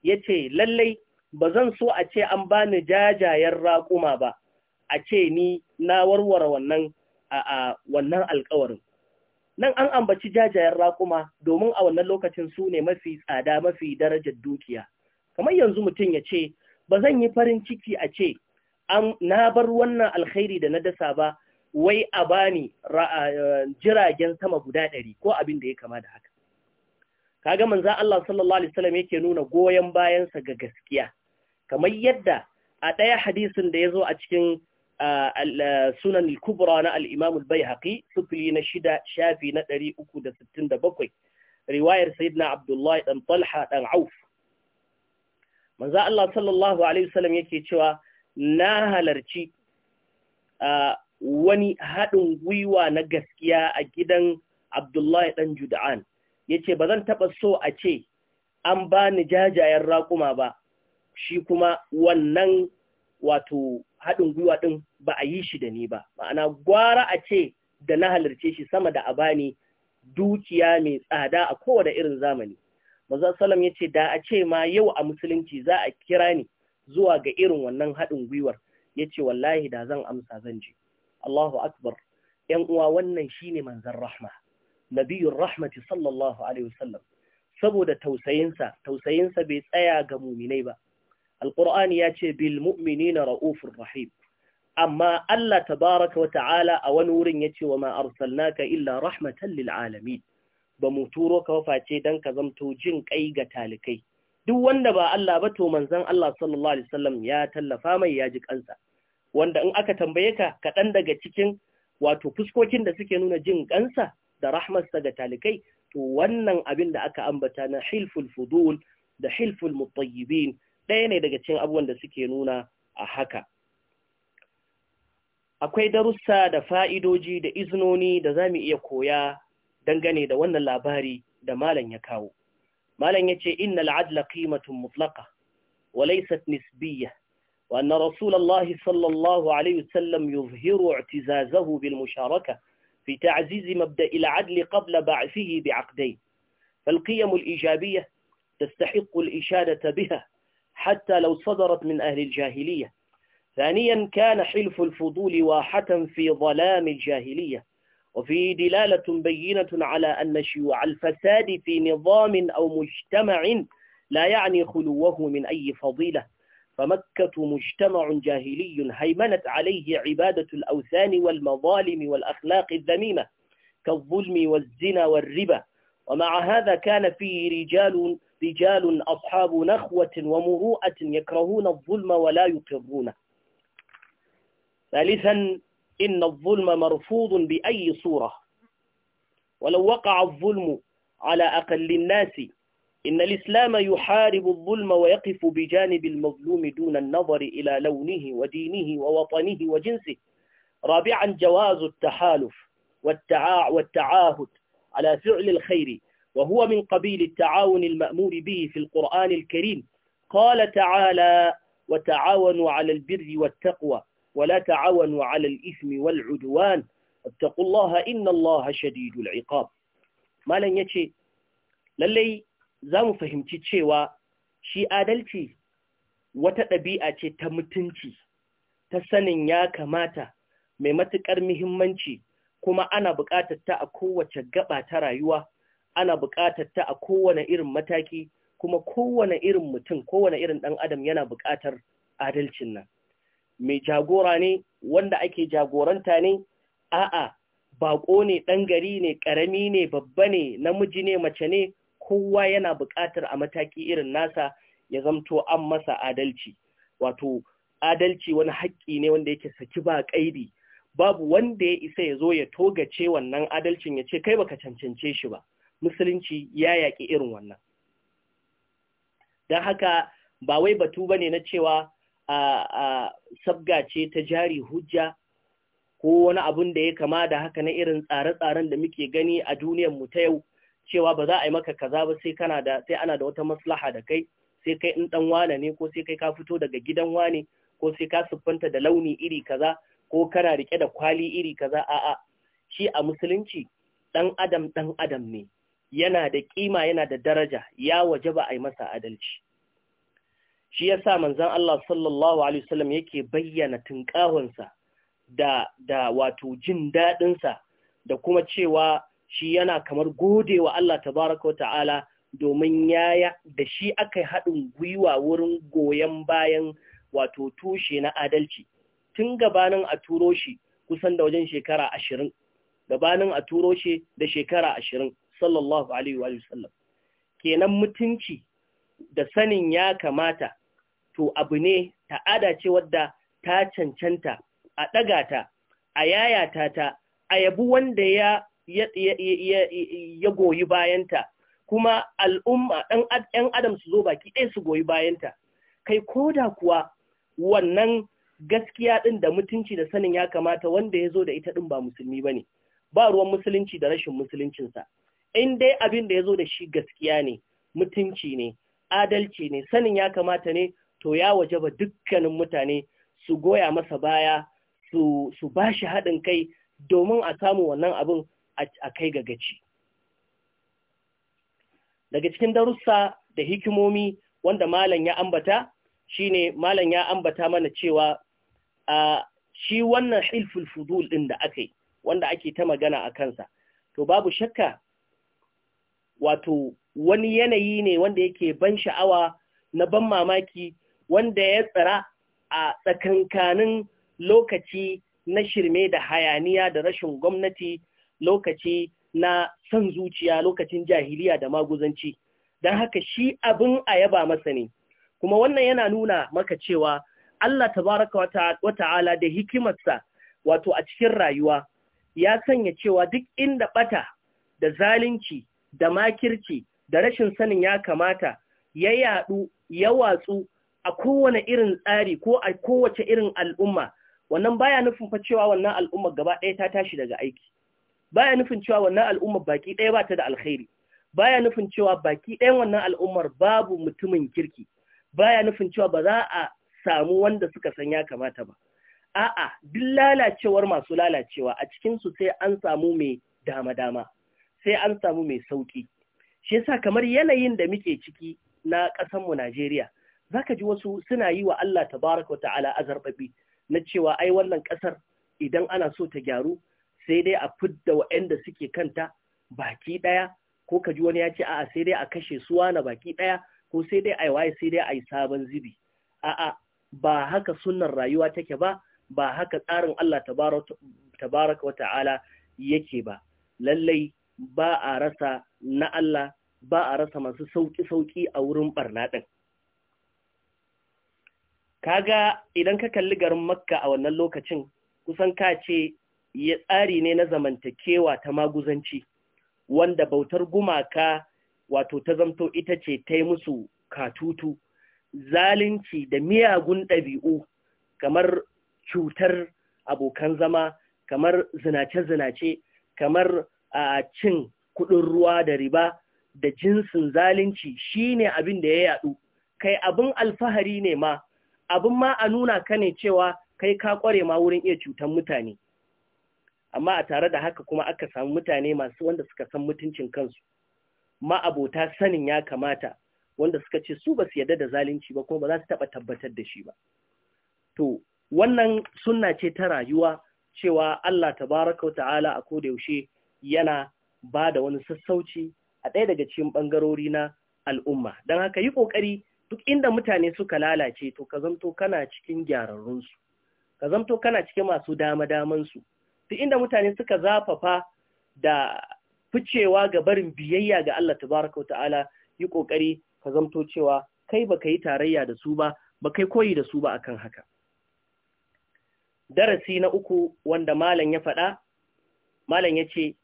yace lallai ba zan so a ce an bani jajayen raƙuma ba a ce ni na warware wannan a wannan alkawarin nan an ambaci jajayen raƙuma domin a wannan lokacin su ne mafi tsada mafi darajar dukiya kamar yanzu mutum ya ce ba zan yi farin ciki a ce na bar wannan alkhairi da na dasa ba wai a bani jiragen sama guda ɗari ko abin da ya kama da haka kaga manza Allah sallallahu alaihi wasallam yake nuna goyon bayansa ga gaskiya kamar yadda a ɗaya hadisin da ya zo a cikin sunan kubra na Alimamul imam al-baihaqi na shida shafi na 367 riwayar sayyidina abdullahi ɗan talha ɗan auf Manza Allah sallallahu alaihi wasallam yake cewa na halarci wani haɗin gwiwa na gaskiya a gidan Abdullahi ɗan Juda'an, ya ce, Ba zan taɓa so a ce, an ba ni jajayen raƙuma ba, shi kuma wannan wato haɗin gwiwa ɗin ba a yi shi da ni ba ma'ana gwara a ce da na halarce shi sama da a bani dukiya mai tsada a kowane irin zamani maza salam ya ce da a ce ma yau a musulunci za a kira ni zuwa ga irin wannan haɗin gwiwar ya ce wallahi da zan amsa zan je Allahu akbar ‘yan uwa wannan shine manzan rahma nabiyun rahmati sallallahu alaihi wasallam saboda tausayinsa tausayinsa bai tsaya ga muminai ba alqur'ani ya ce bil mu'minina raufur rahim amma Allah tabaraka wa ta'ala a wani wurin ya ce wa ma naka illa rahmatan lil'alami ba mu turo ka waface dan ka zamto jin kai ga talikai duk wanda ba Allah ba to manzon Allah sallallahu alaihi wasallam ya tallafa mai ya ji kansa wanda in aka tambaye ka kaɗan daga cikin wato fuskokin da suke nuna jin kansa da rahmarsa ga talikai to wannan abin da aka ambata na hilful fudul da hilful mutayyibin ɗaya ne daga cikin abubuwan da suke nuna a haka akwai darussa da fa'idoji da iznoni da za mu iya koya dangane da wannan labari da malam ya kawo malam ya ce inna al'adla qimatun mutlaka wa laysat nisbiyya wa anna rasulullahi sallallahu alaihi wasallam yuzhiru i'tizazahu bil musharaka fi في تعزيز مبدأ العدل قبل fal بعقدين فالقيم الإيجابية تستحق الإشادة بها حتى لو صدرت من أهل الجاهلية ثانيا كان حلف الفضول واحة في ظلام الجاهلية وفيه دلالة بينة على أن شيوع الفساد في نظام أو مجتمع لا يعني خلوه من أي فضيلة فمكة مجتمع جاهلي هيمنت عليه عبادة الأوثان والمظالم والأخلاق الذميمة كالظلم والزنا والربا ومع هذا كان فيه رجال رجال أصحاب نخوة ومروءة يكرهون الظلم ولا يقرونه ثالثا إن الظلم مرفوض بأي صورة ولو وقع الظلم على أقل الناس إن الإسلام يحارب الظلم ويقف بجانب المظلوم دون النظر إلى لونه ودينه ووطنه وجنسه رابعا جواز التحالف والتعاهد على فعل الخير وهو من قبيل التعاون المأمور به في القرآن الكريم قال تعالى وتعاونوا على البر والتقوى ولا تعاونوا على الإثم والعدوان اتقوا الله إن الله شديد العقاب ما لن يتشي للي زام فهمتي تشيوا شي آدلتي وتتبيئة تمتنتي تسنن ياك ماتا mai matuƙar muhimmanci kuma ana buƙatar ta a kowace gaba ta rayuwa ana buƙatar ta a kowane irin mataki kuma kowane irin mutum kowane irin ɗan adam yana buƙatar adalcin nan mai jagora ne wanda ake jagoranta ne a'a baƙo ne ɗan gari ne ƙarami ne babba ne namiji ne mace ne kowa yana buƙatar a mataki irin nasa ya zamto an masa adalci wato adalci wani haƙƙi ne wanda yake saki ba ƙaidi babu wanda ya isa ya zo ya togace wannan adalcin ya ce kai baka cancance shi ba musulunci ya yaƙi irin wannan don haka ba wai batu ba ne na cewa a sabga ce ta jari hujja ko wani abun da ya kama da haka na irin tsare-tsaren da muke gani a duniyar mu ta yau cewa ba za a yi maka kaza ba sai kana da sai ana da wata maslaha da kai sai kai in dan wane ne ko sai kai ka fito daga gidan wane ko sai ka siffanta da launi iri kaza ko kana rike da kwali iri kaza a'a shi a musulunci dan adam dan adam ne yana da ƙima yana da daraja ya waje ba a yi masa adalci shi ya sa manzan Allah sallallahu alaihi wasallam yake bayyana tunkahunsa da da wato jin daɗinsa, da kuma cewa shi yana kamar godewa Allah baraka wa ta'ala domin yaya da shi aka haɗin gwiwa wurin goyon bayan wato tushe na adalci tun gabanin a turo shi kusan da wajen shekara ashirin gabanin a turo shi da shekara ashirin sallallahu alaihi wa sallam kenan mutunci da sanin ya kamata to abu ne ta'ada ce wadda ta cancanta a ɗaga ta a yayata ta a yabi wanda ya ya goyi bayanta kuma al'umma ɗan adam su zo baki ɗaya su goyi bayanta kai ko da kuwa wannan gaskiya ɗin da mutunci da sanin ya kamata wanda ya zo da ita ɗin ba musulmi ba ne ba ruwan musulunci da rashin musuluncinsa in dai abin da ya zo da shi gaskiya ne mutunci ne adalci ne sanin ya kamata ne to ya waje ba dukkanin mutane su goya masa baya su ba shi haɗin kai domin a samu wannan abin a kai ga gaci daga cikin darussa da hikimomi wanda malam ya ambata shi ne malam ya ambata mana cewa a shi wannan hilful fudul ɗin da aka yi wanda ake ta magana a kansa to babu shakka wato wani yanayi ne wanda yake ban sha'awa na ban mamaki wanda ya tsara a tsakankanin lokaci na shirme da hayaniya da rashin gwamnati lokaci na son zuciya lokacin jahiliya da maguzanci don haka shi abin a yaba masa ne kuma wannan yana nuna maka cewa Allah tabaraka wa ta'ala da hikimarsa wato a cikin rayuwa ya sanya cewa duk inda bata da zalunci da makirci da rashin sanin ya kamata ya yadu ya watsu a kowane irin tsari ko a kowace irin al'umma wannan baya nufin fa cewa wannan al'umma gaba ɗaya ta tashi daga aiki baya nufin cewa wannan al'umma baki ɗaya bata da alkhairi baya nufin cewa baki ɗayan wannan al'ummar babu mutumin kirki baya nufin cewa ba za a samu wanda suka san ya kamata ba a'a duk lalacewar masu lalacewa a cikin su sai an samu mai dama-dama sai an samu mai sauƙi. Shi yasa kamar yanayin da muke ciki na ƙasanmu Najeriya, za ka ji wasu suna yi wa Allah tabaraka ta'ala azarbabi na cewa ai wannan ƙasar idan ana so ta gyaru sai dai a fidda waɗanda suke kanta baki ɗaya ko ka ji wani ya ce a'a sai dai a kashe suwa na baki ɗaya ko sai dai ai waye sai dai ai sabon zibi a'a ba haka sunnan rayuwa take ba ba haka tsarin Allah tabaraka wa ta'ala yake ba lallai ba a rasa na Allah ba a rasa masu sauƙi-sauƙi a wurin ɓarna ɗin. Kaga idan ka kalli garin Makka a wannan lokacin kusan ka ce ya tsari ne na zamantakewa ta maguzanci wanda bautar gumaka wato ta zamto ita ce ta yi musu katutu, zalunci da miyagun ɗabi'u kamar cutar abokan zama, kamar zinace-zinace, kamar a cin kuɗin ruwa da riba da jinsin zalunci shine abin da ya yaɗu kai abin alfahari ne ma abin ma a nuna ka ne cewa kai ka kware ma wurin iya cutan mutane amma a tare da haka kuma aka samu mutane masu wanda suka san mutuncin kansu ma'abota sanin ya kamata wanda suka ce su ba su yarda da zalunci ba kuma ba za su taɓa tabbatar da shi ba to wannan sunna ce ta rayuwa cewa Allah tabaraka wa ta'ala a koda yaushe yana ba da wani sassauci a ɗaya daga cikin ɓangarori na al'umma don haka yi ƙoƙari duk inda mutane suka lalace to ka zamto kana cikin gyararrunsu ka zamto kana cikin masu dama-damansu duk inda mutane suka zafafa da ficewa ga barin biyayya ga Allah tabaraka ta'ala yi ƙoƙari ka zamto cewa kai baka yi tarayya da su ba ba kai koyi da su ba akan haka darasi na uku wanda malam ya faɗa malam ya ce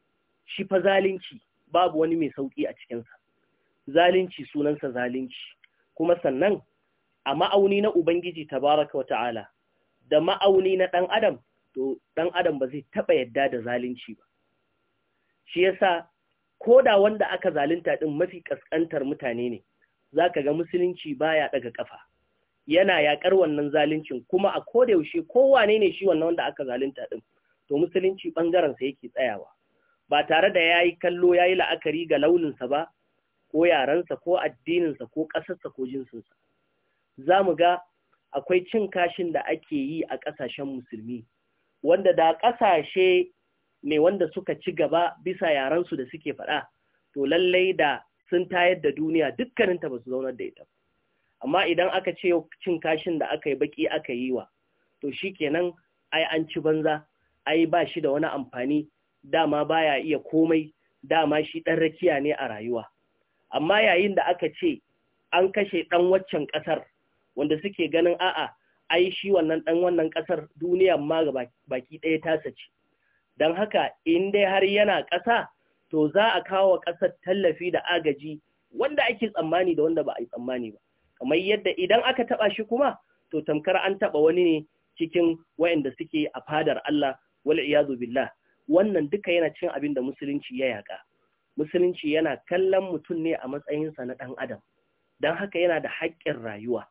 shi fa zalunci babu wani mai sauƙi a cikinsa zalunci sunansa zalunci kuma sannan a ma'auni na ubangiji tabaraka wata'ala da ma'auni na ɗan adam to ɗan adam ba zai taɓa yadda da zalunci ba shi yasa ko da wanda aka zalunta ɗin mafi ƙasƙantar mutane ne za ka ga musulunci baya ɗaga ƙafa yana yaƙar wannan zaluncin kuma a koda yaushe kowane ne shi wannan wanda aka zalunta ɗin to musulunci ɓangarensa yake tsayawa ba tare da ya yi kallo ya yi la'akari ga launinsa ba ko yarensa ko addininsa ko ƙasarsa ko jinsinsa za mu ga akwai cin kashin da ake yi a ƙasashen musulmi wanda da ƙasashe ne wanda suka ci gaba bisa yarensu da suke faɗa to lallai da sun tayar da duniya dukkaninta ba su zaunar da ita amma idan aka ce cin kashin da aka yi baƙi aka yi wa to shi kenan ai an ci banza ai ba shi da wani amfani dama baya iya komai dama shi ɗan rakiya ne a rayuwa amma yayin da aka ce an kashe ɗan waccan ƙasar wanda suke ganin a'a ai shi wannan ɗan wannan ƙasar duniya ma ga baki ɗaya ta sace don haka in dai har yana ƙasa to za a kawo ƙasar tallafi da agaji wanda ake tsammani da wanda ba a yi tsammani ba kamar yadda idan aka taɓa shi kuma to tamkar an taɓa wani ne cikin wayanda suke a fadar Allah wal iyazu billah wannan duka yana cin abin da musulunci ya yaƙa musulunci yana kallon mutum ne a matsayinsa na ɗan adam don haka yana da haƙƙin rayuwa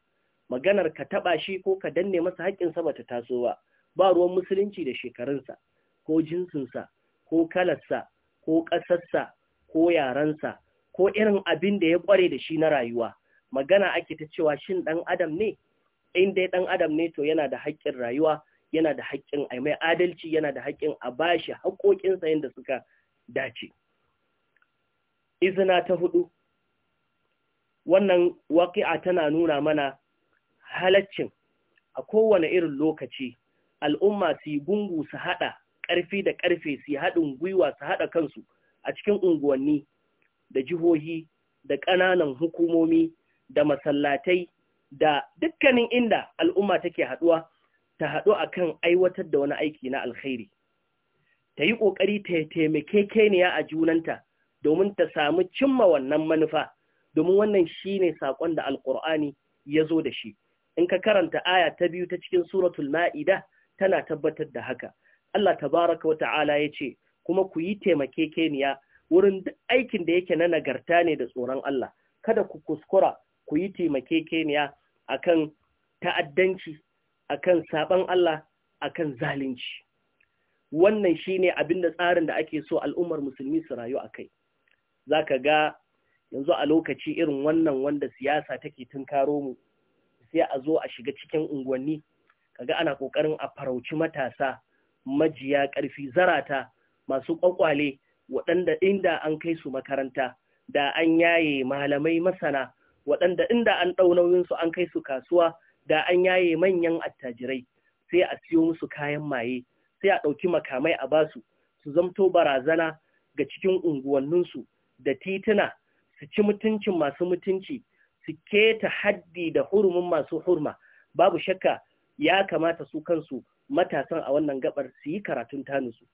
maganar ka taɓa shi ko ka danne masa haƙƙinsa ba ta taso ba ba ruwan musulunci da shekarunsa ko jinsinsa ko kalarsa ko ƙasarsa ko yarensa ko irin abin da ya ƙware da shi na rayuwa magana ake ta cewa shin ɗan adam ne in dai ɗan adam ne to yana da haƙƙin rayuwa yana da haƙƙin a mai adalci yana da haƙƙin a bashi haƙoƙinsa yadda suka dace izina ta hudu wannan waƙi'a tana nuna mana halaccin a kowane irin lokaci al'umma su yi gungu su haɗa ƙarfi da ƙarfe su yi haɗin gwiwa su haɗa kansu a cikin unguwanni da jihohi da ƙananan hukumomi da masallatai da dukkanin inda al'umma take haɗuwa ta haɗu akan aiwatar da wani aiki na alkhairi ta yi ƙoƙari ta taimake keniya a junanta domin ta samu cimma wannan manufa domin wannan shi ne saƙon da alƙur'ani ya zo da shi in ka karanta aya ta biyu ta cikin suratul ma'ida tana tabbatar da haka Allah ta wa wata'ala ya ce kuma ku yi taimake keniya wurin duk aikin da yake na nagarta ne da tsoron Allah kada ku kuskura ku yi taimake keniya akan ta'addanci akan saban Allah akan zalunci wannan shine abin da tsarin da ake so al'ummar musulmi su rayu akai zaka ga yanzu a lokaci irin wannan wanda siyasa take tunkaro mu sai a zo a shiga cikin unguwanni kaga ana kokarin a farauci matasa majiya ƙarfi zarata masu kwakwale waɗanda inda an kai su makaranta da an yaye malamai masana waɗanda inda an ɗau nauyinsu an kai su kasuwa da an yaye manyan attajirai sai a siyo musu kayan maye sai a ɗauki makamai a basu su zamto barazana ga cikin unguwanninsu da tituna su ci mutuncin masu mutunci su keta haddi da hurumin masu hurma babu shakka ya kamata su kansu matasan a wannan gabar su yi karatun tanusu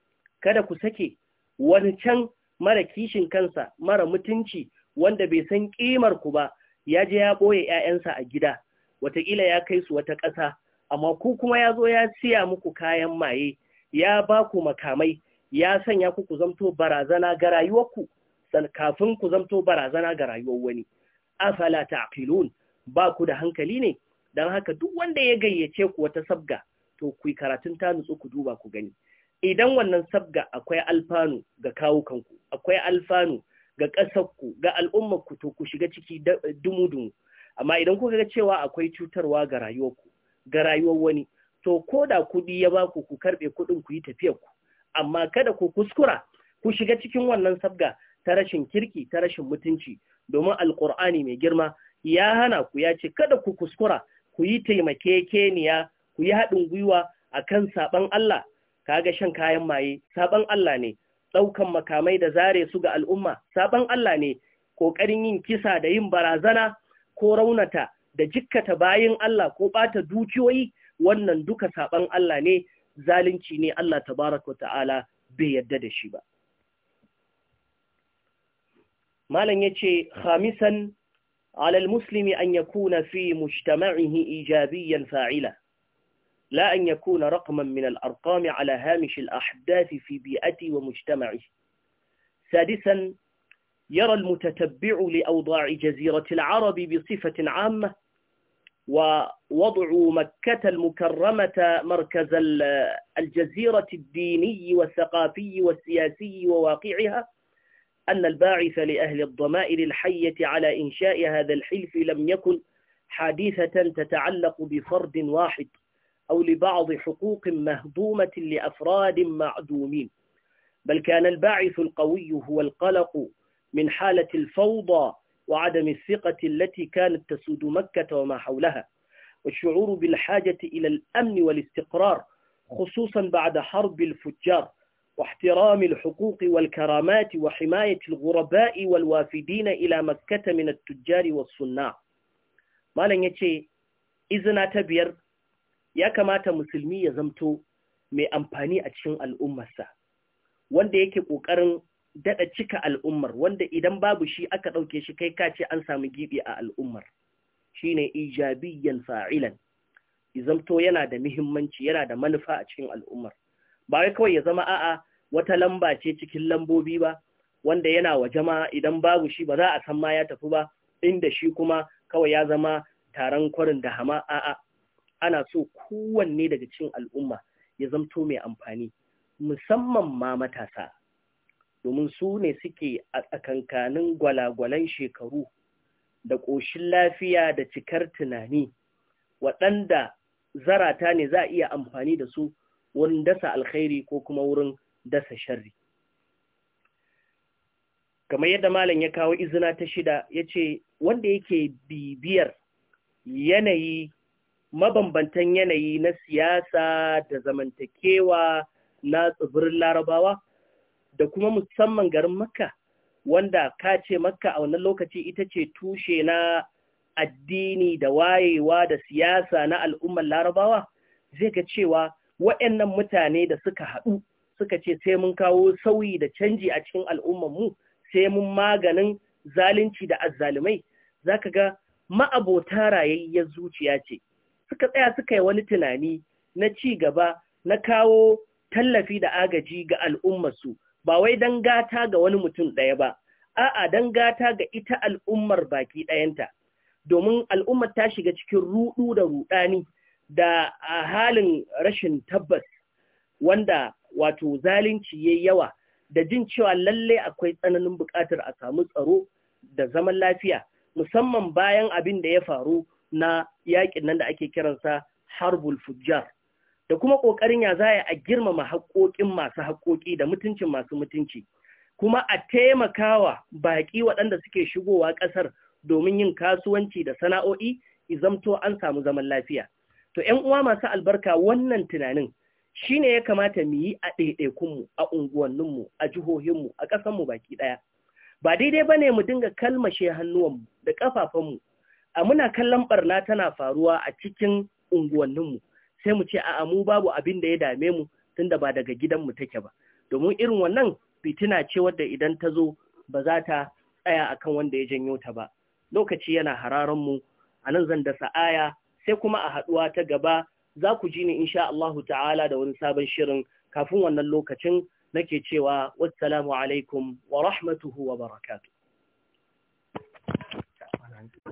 kada ku sake wani can mara kishin kansa mara mutunci wanda bai san ƙimar ku ba ya je ya ɓoye 'ya'yansa a gida wataƙila ya kai su wata ƙasa amma ku kuma ya zo ya siya muku kayan maye ya ba ku makamai ya sanya ku ku zamto barazana ga rayuwarku kafin ku zamto barazana ga rayuwar wani afala ta'qilun ba ku da hankali ne dan haka duk wanda ya gayyace ku wata sabga to ku yi karatun ta nutsu ku duba ku gani idan wannan sabga akwai alfanu ga kawukanku akwai alfanu ga ƙasarku ga al'ummarku to ku shiga ciki dumu-dumu amma idan kuka ga cewa akwai cutarwa ga rayuwarku ga rayuwar wani to ko da kuɗi ya baku ku karɓe kuɗin ku yi tafiyar ku amma kada ku kuskura ku shiga cikin wannan sabga ta rashin kirki ta rashin mutunci domin alkur'ani mai girma ya hana ku ya ce kada ku kuskura ku yi taimakekeniya ku yi haɗin gwiwa a kan saban Allah kaga shan kayan maye saban Allah ne ɗaukan makamai da zare su ga al'umma saban Allah ne ƙoƙarin yin kisa da yin barazana ko raunata da jikkata bayin Allah ko bata dukiyoyi wannan duka saban Allah ne zalunci ne Allah tabaraka ta'ala bai yadda da shi ba. malan yace Khamisan, alal muslimi an yakuna fi mujtama'ihi ijabiyan fa'ila, la an yakuna kuna raƙaman min al'arƙami ala hamishin ahdafi fi bi'ati wa mujtama'i. Sadisan, يرى المتتبع لأوضاع جزيرة العرب بصفة عامة ووضع مكة المكرمة مركز الجزيرة الديني والثقافي والسياسي وواقعها أن الباعث لأهل الضمائر الحية على إنشاء هذا الحلف لم يكن حادثة تتعلق بفرد واحد أو لبعض حقوق مهضومة لأفراد معدومين بل كان الباعث القوي هو القلق من حالة الفوضى وعدم الثقة التي كانت تسود مكة وما حولها والشعور بالحاجة إلى الأمن والاستقرار خصوصا بعد حرب الفجار واحترام الحقوق والكرامات وحماية الغرباء والوافدين إلى مكة من التجار والصناع ما لن يتشي إذن أتبير ya kamata musulmi ya zamto الأمة amfani a cikin daɗa cika al'ummar wanda idan babu shi aka ɗauke shi kai ka ce an samu giɓi a al'ummar shi ne ijabiyyan fa'ilan izamto yana da muhimmanci yana da manufa a cikin al'ummar ba wai kawai ya zama a'a wata lamba ce cikin lambobi ba wanda yana wa jama'a idan babu shi ba za a san ma ya tafi ba inda shi kuma kawai ya zama taron kwarin da hama a'a ana so kowanne daga cikin al'umma ya zamto mai amfani musamman ma matasa domin su ne suke a tsakankanin gwalagwalan shekaru da ƙoshin lafiya da cikar tunani waɗanda zarata ne za a iya amfani da su wurin dasa alkhairi ko kuma wurin dasa sharri kamar yadda malam ya kawo izina ta shida ya ce wanda yake bibiyar yanayi mabambantan yanayi na siyasa da zamantakewa na tsibirin larabawa da kuma musamman garin makka wanda ka ce makka a wannan lokaci ita ce tushe na addini da wayewa da siyasa na al'ummar larabawa zai ga cewa wa'annan mutane da suka haɗu suka ce sai mun kawo sauyi da canji a cikin al'ummar mu sai mun maganin zalunci da azzalumai za ka ga ma'abota rayayyar zuciya ce suka tsaya suka yi wani tunani na ci gaba na kawo tallafi da agaji ga al'ummarsu ba wai don gata ga wani mutum ɗaya ba a'a don gata ga ita al'ummar baki ɗayanta domin al'ummar ta shiga cikin ruɗu da ruɗani, da a halin rashin tabbas wanda wato zalunci ya yawa da jin cewa lalle akwai tsananin buƙatar a samu tsaro da zaman lafiya musamman bayan abin da ya faru na yaƙin nan da ake kiransa harbul fujjar da kuma ƙoƙarin ya zaya a girmama haƙoƙin masu haƙoƙi da mutuncin masu mutunci kuma a taimakawa baƙi waɗanda suke shigowa ƙasar domin yin kasuwanci da sana'o'i izamto an samu zaman lafiya to ƴan uwa masu albarka wannan tunanin shi ne ya kamata mu yi a ɗaiɗaikunmu a unguwanninmu a jihohinmu a ƙasanmu baki ɗaya ba daidai ba ne mu dinga kalmashe hannuwanmu da ƙafafanmu, a muna kallon ɓarna tana faruwa a cikin unguwanninmu sai mu ce a'a mu babu abin da ya dame mu tunda ba daga gidan mu take ba domin irin wannan fitina ce wadda idan ta zo ba za ta tsaya akan wanda ya janyo ta ba lokaci yana hararan mu a nan zan dasa aya sai kuma a haɗuwa ta gaba za ku ji ni insha Allahu ta'ala da wani sabon shirin kafin wannan lokacin nake cewa wassalamu alaikum wa rahmatuhu wa barakatuh